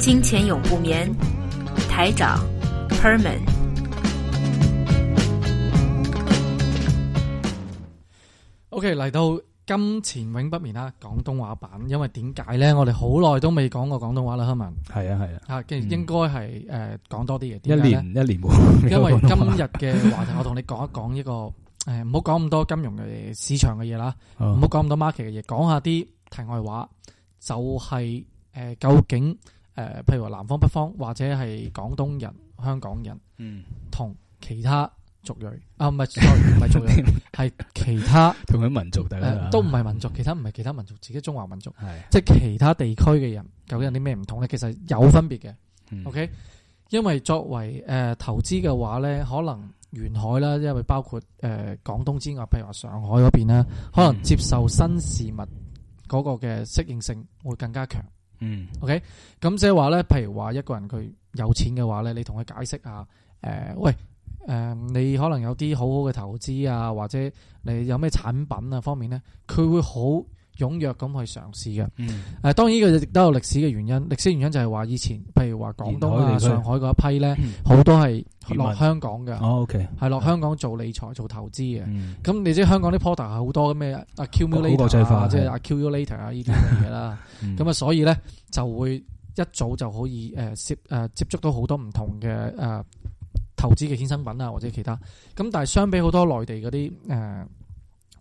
金錢永不眠，台長 Herman，OK 嚟到金錢永不眠啦，廣東話版。因為點解咧？我哋好耐都未講過廣東話啦，Herman。係啊係啊，吓跟住應該係誒、嗯呃、講多啲嘢。一年一年因為今日嘅話題， 我同你講一講呢個誒，唔、呃、好講咁多金融嘅市場嘅嘢啦，唔好、嗯、講咁多 market 嘅嘢，講下啲題外話，就係、是、誒、呃、究竟。誒、呃，譬如話南方、北方，或者係廣東人、香港人，嗯，同其他族裔啊，唔係族裔，唔係族裔，係其他同佢民族、呃、都唔係民族，其他唔係其他民族，自己是中華民族係，是啊、即係其他地區嘅人，究竟有啲咩唔同咧？其實有分別嘅、嗯，OK，因為作為誒投資嘅話咧，可能沿海啦，因為包括誒廣、呃、東之外，譬如話上海嗰邊啦，可能接受新事物嗰個嘅適應性會更加強。嗯嗯，OK，咁即係話咧，譬如話一個人佢有錢嘅話咧，你同佢解釋下，誒、呃，喂，誒、呃，你可能有啲好好嘅投資啊，或者你有咩產品啊方面咧，佢會好踴躍咁去嘗試嘅，誒當然佢亦都有歷史嘅原因。歷史原因就係話以前，譬如話廣東、啊、海上海嗰一批咧，好 多係落香港嘅，係落、哦 okay，香港做理財、做投資嘅。咁、嗯、你知香港啲 porter 係好多咩啊？accumulator 啊，即係啊 accumulator 啊呢啲嘢啦。咁啊、嗯，所以咧就會一早就可以誒接接觸到好多唔同嘅誒投資嘅衍生品啊或者其他。咁但係相比好多內地嗰啲誒。呃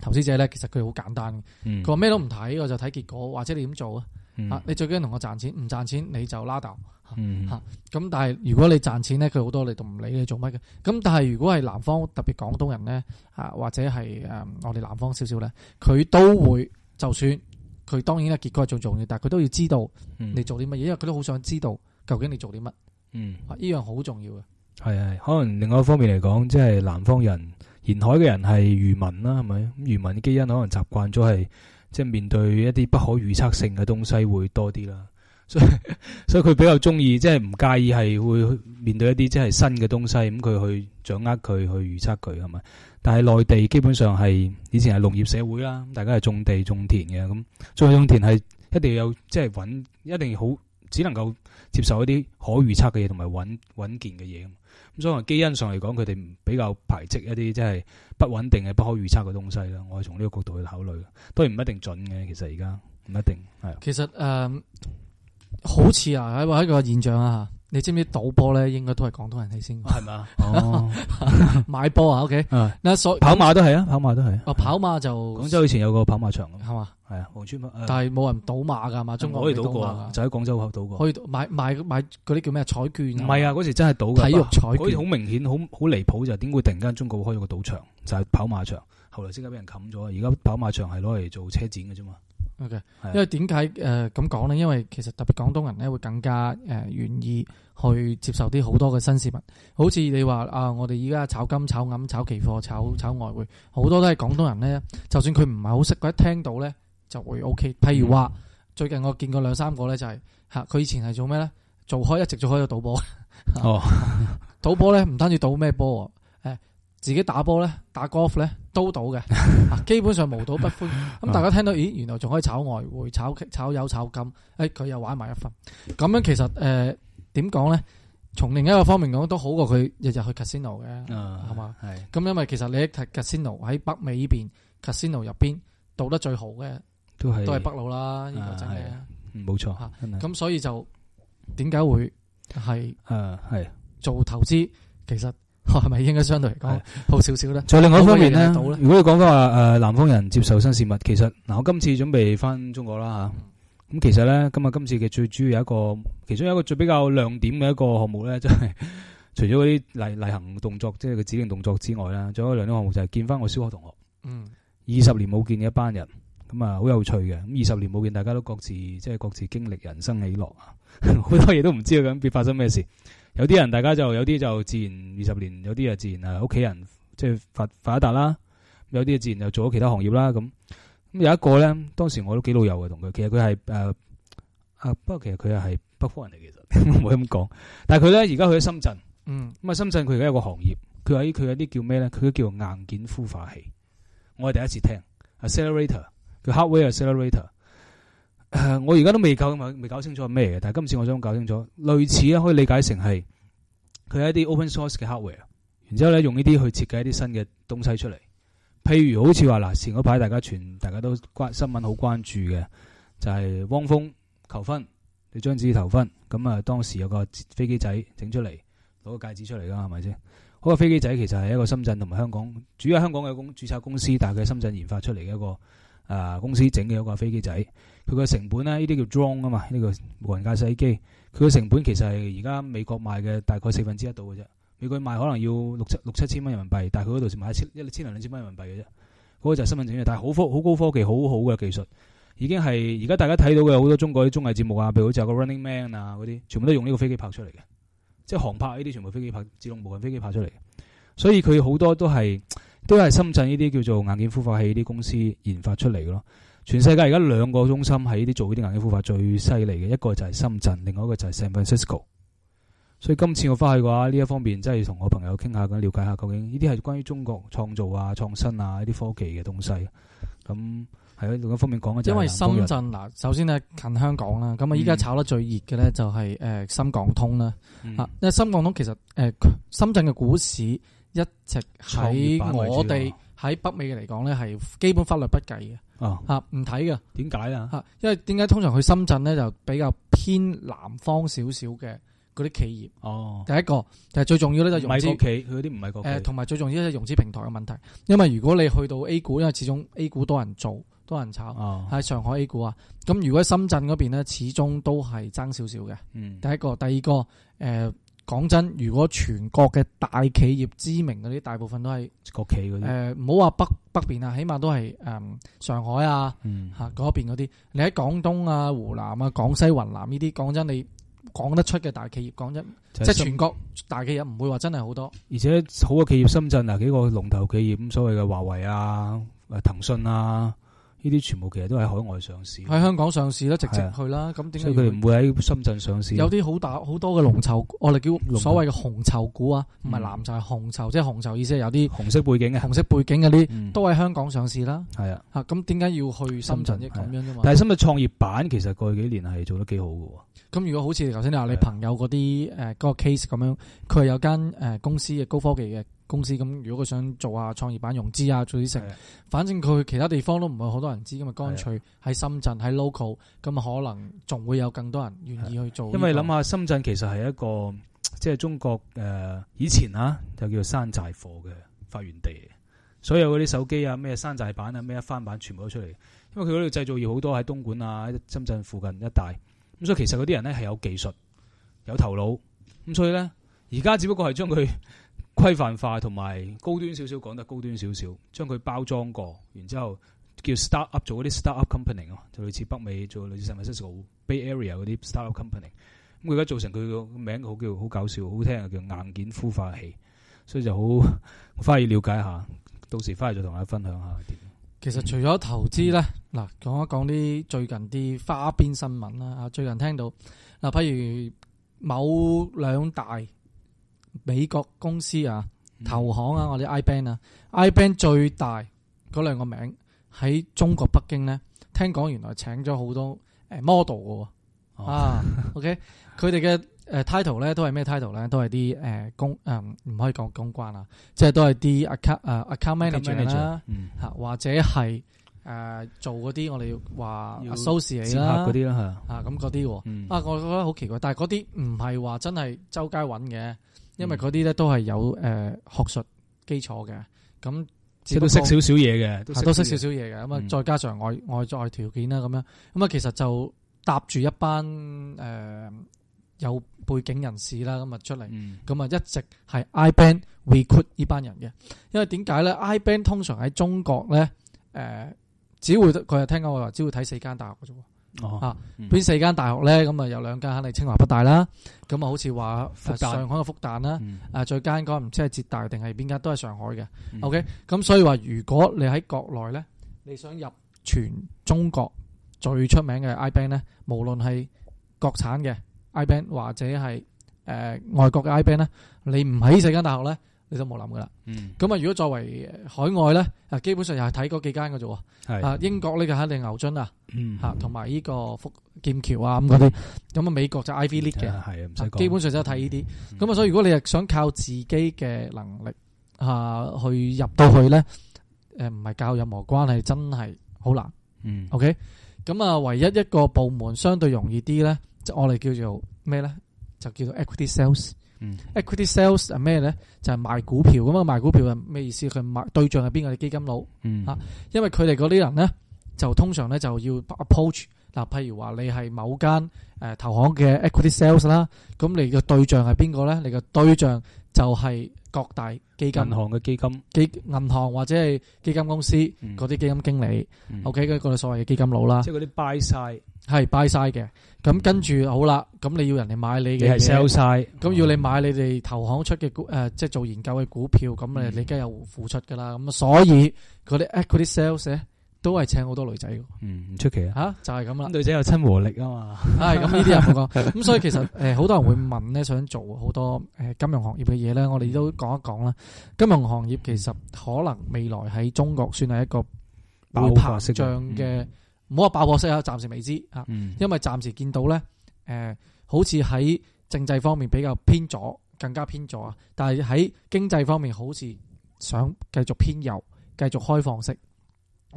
投資者咧，其實佢好簡單嘅。佢話咩都唔睇，我就睇結果，或者你點做、嗯、啊？嚇！你最緊同我賺錢，唔賺錢你就拉倒。咁、啊嗯啊、但係如果你賺錢咧，佢好多你都唔理你做乜嘅。咁但係如果係南方，特別廣東人咧，嚇、啊、或者係誒、嗯、我哋南方少少咧，佢都會，就算佢當然咧結果係最重要，但係佢都要知道，你做啲乜嘢，嗯、因為佢都好想知道究竟你做啲乜。嗯，呢、啊、樣好重要嘅。係係、嗯，可能另外一方面嚟講，即、就、係、是、南方人。沿海嘅人係漁民啦，係咪？咁漁民基因可能習慣咗係，即係面對一啲不可預測性嘅東西會多啲啦。所以，所以佢比較中意，即係唔介意係會面對一啲即係新嘅東西，咁佢去掌握佢，去預測佢，係咪？但係內地基本上係以前係農業社會啦，大家係種地種田嘅，咁種種田係一定有即係穩，一定好，只能夠接受一啲可預測嘅嘢同埋穩穩健嘅嘢。咁所以基因上嚟講，佢哋比較排斥一啲即係不穩定嘅、不可預測嘅東西啦。我係從呢個角度去考慮，當然唔一定準嘅。其實而家唔一定係。其實誒、呃，好似啊，喺一個現象啊。你知唔知賭波咧，應該都係廣東人睇先吧，係嘛、 啊？哦，買波啊，OK。嗯，所跑馬都係啊，跑馬都係、啊。哦，跑馬就廣、是、州以前有個跑馬場吧啊，係嘛？係、哎、啊，黃村但係冇人賭馬噶，係嘛？中國可以賭過，賭就喺廣州後賭過。可以買買買嗰啲叫咩彩券？唔係啊，嗰時真係賭嘅，體育彩券。嗰時好明顯，好好離譜就係點會突然間中國開咗個賭場，就係、是、跑馬場。後來即刻俾人冚咗，而家跑馬場係攞嚟做車展嘅啫嘛。嘅，okay, 因為點解誒咁講咧？因為其實特別廣東人咧會更加誒願、呃、意去接受啲好多嘅新事物，好似你話啊，我哋而家炒金、炒銀、炒期貨、炒炒外匯，好多都係廣東人咧。就算佢唔係好識，佢一聽到咧就會 O、OK, K。譬如話最近我見過兩三個咧、就是，就係吓佢以前係做咩咧？做開一直做開個賭波，賭波咧唔單止賭咩波。哦 自己打波咧，打 golf 咧都賭嘅，啊，基本上無賭不歡。咁大家聽到，咦，原來仲可以炒外匯、炒炒油、炒金，誒，佢又玩埋一份。咁樣其實誒，點講咧？從另一個方面講，都好過佢日日去 casino 嘅，係嘛？係。咁因為其實你喺 casino 喺北美呢邊 casino 入邊賭得最好嘅，都係都係北佬啦，呢個真係啊，冇錯。咁所以就點解會係誒係做投資？其實。係咪應該相對嚟講好少少咧？仲有另外一方面咧，如果你講翻話誒，南方人接受新事物，其實嗱、呃，我今次準備翻中國啦吓。咁、啊、其實咧，今日今次嘅最主要有一個，其中有一個最比較亮點嘅一個項目咧，就係、是、除咗嗰啲例例行動作，即係個指定動作之外啦，仲有一個亮點項目就係見翻我小學同學。嗯，二十年冇見嘅一班人，咁啊好有趣嘅。咁二十年冇見，大家都各自即係、就是、各自經歷人生起落啊，好、嗯、多嘢都唔知咁變發生咩事。有啲人，大家就有啲就自然二十年，有啲啊自然啊屋企人即係發發達啦，有啲啊自然又做咗其他行業啦咁。咁有一個咧，當時我都幾老友嘅同佢，其實佢係誒啊，不過其實佢又係北方人嚟，其實唔好咁講。但係佢咧而家去咗深圳，嗯，咁啊深圳佢而家有個行業，佢喺佢有啲叫咩咧？佢叫硬件孵化器。我係第一次聽 Accelerator，佢 hardware accelerator。Acc 呃、我而家都未搞未搞清楚係咩嘅，但係今次我想搞清楚，類似咧可以理解成係佢係一啲 open source 嘅 hardware，然之後咧用呢啲去設計一啲新嘅東西出嚟，譬如好似話嗱前嗰排大家傳，大家都關新聞好關注嘅，就係、是、汪峰求婚，你李自己求婚，咁、嗯、啊當時有個飛機仔整出嚟，攞個戒指出嚟㗎，係咪先？嗰、那個飛機仔其實係一個深圳同埋香港，主要香港嘅公註冊公司，但係佢深圳研發出嚟嘅一個。啊！公司整嘅一個飛機仔，佢個成本呢，呢啲叫 drone 啊嘛，呢個無人駕駛機，佢個成本其實係而家美國賣嘅大概四分之一度嘅啫。美國賣可能要六七六七千蚊人民幣，但係佢嗰度賣一千一千零兩,兩千蚊人民幣嘅啫。嗰個就係新聞證據，但係好科好高科技，好好嘅技術，已經係而家大家睇到嘅好多中國啲綜藝節目啊，譬如好似有個 Running Man 啊嗰啲，全部都用呢個飛機拍出嚟嘅，即係航拍呢啲全部飛機拍，自動無人飛機拍出嚟，所以佢好多都係。都係深圳呢啲叫做硬件孵化器呢啲公司研發出嚟嘅咯。全世界而家兩個中心喺呢啲做呢啲硬件孵化最犀利嘅，一個就係深圳，另外一個就係 San Francisco。所以今次我翻去嘅話，呢一方面真係同我朋友傾下咁，了解下究竟呢啲係關於中國創造啊、創新啊啲科技嘅東西。咁係另一方面講，因為深圳嗱，首先咧近香港啦，咁啊依家炒得最熱嘅咧就係誒深港通啦。啊，嗯、因為深港通其實誒深圳嘅股市。一直喺我哋喺北美嘅嚟講咧，係基本忽略不計嘅。嚇唔睇嘅，點解啊？嚇，為因為點解通常去深圳咧就比較偏南方少少嘅嗰啲企業。哦，第一個，但係最重要呢，就融資，佢嗰啲唔係個誒，同埋最重要咧融資平台嘅問題。因為如果你去到 A 股，因為始終 A 股多人做，多人炒，喺、哦、上海 A 股啊，咁如果喺深圳嗰邊咧，始終都係爭少少嘅。嗯，第一個，第二個，誒、呃。講真，如果全國嘅大企業知名嗰啲，大部分都係國企嗰啲。誒、呃，唔好話北北邊啊，起碼都係誒、嗯、上海啊吓嗰邊嗰啲。你喺廣東啊、湖南啊、廣西雲、雲南呢啲，講真，你講得出嘅大企業，講真，即係、就是、全國大企業唔會話真係好多。而且好嘅企業，深圳啊幾個龍頭企業咁所謂嘅華為啊、誒騰訊啊。呢啲全部其實都喺海外上市，喺香港上市啦，直接去啦。咁點解？所以佢哋唔會喺深圳上市。有啲好大好多嘅龍籌，我哋叫所謂嘅紅籌股啊，唔係、嗯、藍籌係紅籌，即係紅籌意思係有啲紅色背景嘅，紅色背景嗰啲都喺香港上市啦。係啊的，嚇咁點解要去深圳？即係咁樣啫嘛。但係深圳創業板其實過去幾年係做得幾好嘅。咁如果好似頭先你話的你朋友嗰啲誒嗰個 case 咁樣，佢係有間誒公司嘅高科技嘅。公司咁，如果佢想做下創業板融資啊，做啲成，的反正佢其他地方都唔係好多人知，咁啊的，乾脆喺深圳喺 local，咁啊，的可能仲會有更多人願意去做、這個。因為諗下深圳其實係一個即係中國誒、呃、以前啊，就叫做山寨貨嘅發源地，所有嗰啲手機啊，咩山寨版啊，咩翻版全部都出嚟。因為佢嗰度製造業好多喺東莞啊、深圳附近一帶，咁所以其實嗰啲人咧係有技術、有頭腦，咁所以咧而家只不過係將佢。規範化同埋高端少少講得高端少少，將佢包裝過，然之後叫 start up 做嗰啲 start up company 啊，就類似北美做類似三藩市 Bay Area 嗰啲 start up company。咁佢而家做成佢個名好叫好搞笑、好聽，叫硬件孵化器。所以就好，我翻去了解下，到時翻去再同大家分享下點。其實除咗投資咧，嗱講、嗯、一講啲最近啲花邊新聞啦。啊，最近聽到嗱，譬如某兩大。美國公司啊，投行啊，我哋 Iban 啊，Iban 最大嗰兩個名喺中國北京咧，聽講原來請咗好多誒 model 嘅，啊，OK，佢哋嘅誒 title 咧都係咩 title 咧，都係啲誒公誒唔可以講公關啊，即係都係啲 account 誒 account manager 啦，吓或者係誒做嗰啲我哋話 social 嗰啲啦，吓咁嗰啲，啊，我覺得好奇怪，但係嗰啲唔係話真係周街揾嘅。因為嗰啲咧都係有誒、呃、學術基礎嘅，咁即係都識少少嘢嘅，對都識少少嘢嘅。咁啊、嗯，再加上外外在條件啦，咁樣咁啊，其實就搭住一班誒、呃、有背景人士啦，咁啊出嚟，咁啊、嗯、一直係 I band recruit 呢班人嘅。因為點解咧？I band 通常喺中國咧，誒、呃、只會佢又聽講我話只會睇四間大學嘅啫。哦、啊，邊、嗯、四間大學咧？咁啊，有兩間肯定清華北大啦。咁啊，好似話上海嘅復旦啦，啊，最艱嗰間唔知係浙大定係邊間，都係上海嘅。嗯、OK，咁所以話如果你喺國內咧，你想入全中國最出名嘅 I-Bank 咧，無論係國產嘅 I-Bank 或者係誒、呃、外國嘅 I-Bank 咧，你唔喺呢四間大學咧？你就冇諗噶啦，咁啊、嗯、如果作為海外咧，啊基本上又係睇嗰幾間噶啫，啊是英國呢個肯定牛津啊，吓同埋呢個福劍橋啊咁嗰啲，咁啊、嗯、美國就 Ivy League 嘅，係啊唔使基本上就睇呢啲，咁啊、嗯、所以如果你係想靠自己嘅能力吓去入到去咧，誒唔係教任何關係真係好難，嗯，OK，咁啊唯一一個部門相對容易啲咧，就我、是、哋叫做咩咧，就叫做 equity sales。嗯，equity sales 係咩咧？就係賣股票咁啊，賣股票係咩意思？佢賣對象係邊個？啲基金佬，嗯啊，因為佢哋嗰啲人咧，就通常咧就要 approach 嗱，譬如話你係某間誒投行嘅 equity sales 啦，咁你嘅對象係邊個咧？你嘅對象就係各大基金銀行嘅基金，基銀行或者係基金公司嗰啲基金經理，OK，嗰個所謂嘅基金佬啦，即係嗰啲 buy 晒。係，buy 晒嘅，咁跟住好啦，咁你要人哋買你嘅嘢，sell 晒，咁要你買你哋投行出嘅股，誒，即係做研究嘅股票，咁誒，你梗係有付出噶啦，咁所以嗰啲 equity sales 咧，都係請好多女仔嘅，嗯，唔出奇啊，吓，就係咁啦，女仔有親和力啊嘛，係，咁呢啲人講啊，咁所以其實誒，好多人會問咧，想做好多誒金融行業嘅嘢咧，我哋都講一講啦，金融行業其實可能未來喺中國算係一個會膨脹嘅。唔好話爆破式啊，暫時未知啊，嗯、因為暫時見到呢，誒、呃，好似喺政制方面比較偏左，更加偏左啊，但係喺經濟方面好似想繼續偏右，繼續開放式。咁、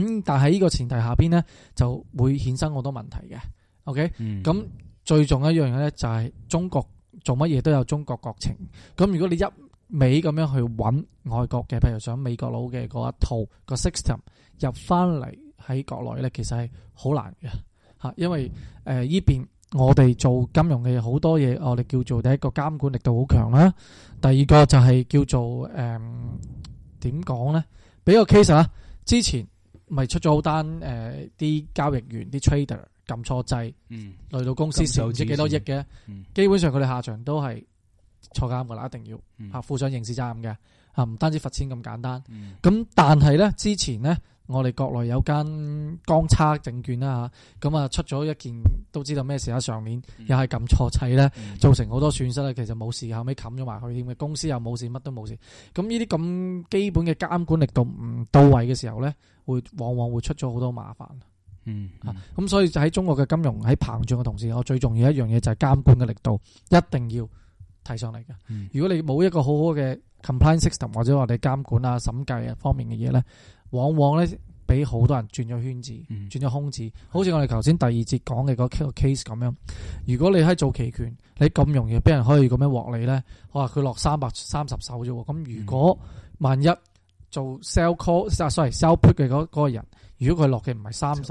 嗯、但係呢個前提下邊呢，就會衍生好多問題嘅。OK，咁、嗯、最重要一樣嘢呢，就係、是、中國做乜嘢都有中國國情。咁如果你一味咁樣去揾外國嘅，譬如想美國佬嘅嗰一套、那個 system 入翻嚟。喺國內咧，其實係好難嘅吓，因為誒依邊我哋做金融嘅好多嘢，我哋叫做第一個監管力度好強啦，第二個就係叫做誒點講咧？俾、呃、個 case 啊，之前咪出咗好單誒，啲、呃、交易員啲 trader 撳錯掣，呃、嗯，嚟到公司蝕唔、嗯、知幾多億嘅，嗯、基本上佢哋下場都係坐監噶啦，一定要吓負、嗯、上刑事責任嘅吓，唔單止罰錢咁簡單，咁、嗯嗯、但係咧之前咧。我哋國內有間光叉證券啦吓，咁啊、啊出咗一件都知道咩事啊，上年又係撳錯掣咧，嗯、造成好多損失咧。其實冇事，後尾冚咗埋去，點嘅公司又冇事，乜都冇事。咁呢啲咁基本嘅監管力度唔到位嘅時候咧，會往往會出咗好多麻煩、嗯。嗯，吓咁、啊、所以喺中國嘅金融喺膨脹嘅同時，我最重要一樣嘢就係監管嘅力度一定要提上嚟嘅。嗯、如果你冇一個好好嘅 compliance system 或者我哋監管啊、審計啊方面嘅嘢咧。嗯往往咧俾好多人轉咗圈子，轉咗、嗯、空子，好似我哋頭先第二節講嘅個 case 咁樣。如果你喺做期權，你咁容易俾人可以咁樣獲利咧，我話佢落三百三十手啫喎。咁如果萬一做 sell call，啊，sorry，sell put 嘅嗰個人。如果佢落嘅唔係三十，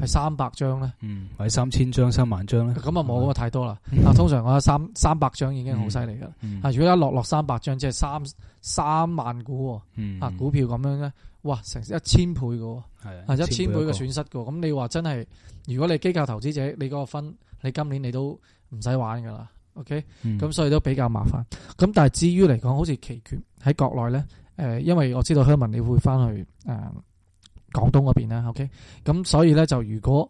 係三百張咧，嗯，或者三千張、三萬張咧，咁啊冇啊，太多啦。啊，通常我三三百張已經好犀利噶。啊，如果一落落三百張，即係三三萬股，嗯，啊股票咁樣咧，哇，成一千倍嘅，係一千倍嘅損失嘅。咁你話真係，如果你機構投資者，你嗰個分，你今年你都唔使玩噶啦。OK，咁、嗯、所以都比較麻煩。咁但係至於嚟講，好似期權喺國內咧，誒、呃，因為我知道香文你會翻去誒。呃呃呃呃呃呃呃廣東嗰邊啦，OK，咁所以咧就如果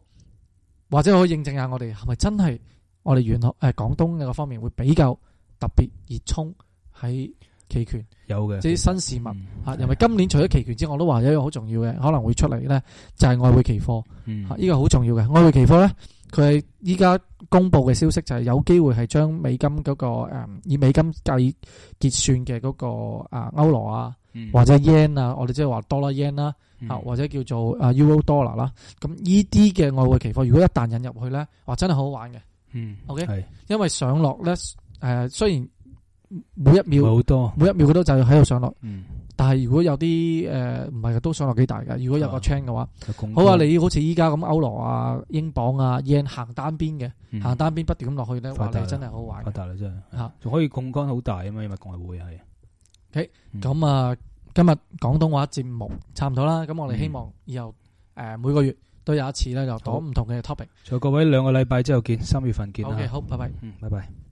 或者可以認證下，我哋係咪真係我哋遠學誒廣東嘅個方面會比較特別熱衷喺期權有嘅，即係新事物吓。因為今年除咗期權之外，我都話有一個好重要嘅可能會出嚟咧，就係外匯期貨。嗯，呢個好重要嘅外匯期貨咧，佢係依家公布嘅消息就係有機會係將美金嗰個誒以美金計結算嘅嗰個啊歐羅啊，或者 yen 啊，我哋即係話多啦 yen 啦。啊，或者叫做啊 Euro dollar 啦，咁呢啲嘅外匯期貨，如果一旦引入去咧，哇，真係好好玩嘅。嗯，O K，係，因為上落咧，誒，雖然每一秒好多，每一秒佢都就喺度上落。嗯，但係如果有啲誒唔係都上落幾大嘅，如果有個 chain 嘅話，好啊，你好似依家咁歐羅啊、英鎊啊、yen 行單邊嘅，行單邊不斷咁落去咧，哇，真係好好玩。發達啦真係。吓，仲可以槓桿好大啊嘛，因為外匯係。O K，咁啊。今日廣東話節目差唔多啦，咁、嗯、我哋希望以後誒、呃、每個月都有一次咧，就講唔同嘅 topic。所以各位兩個禮拜之後見，三月份見 OK 好,好，拜拜。嗯，拜拜。嗯拜拜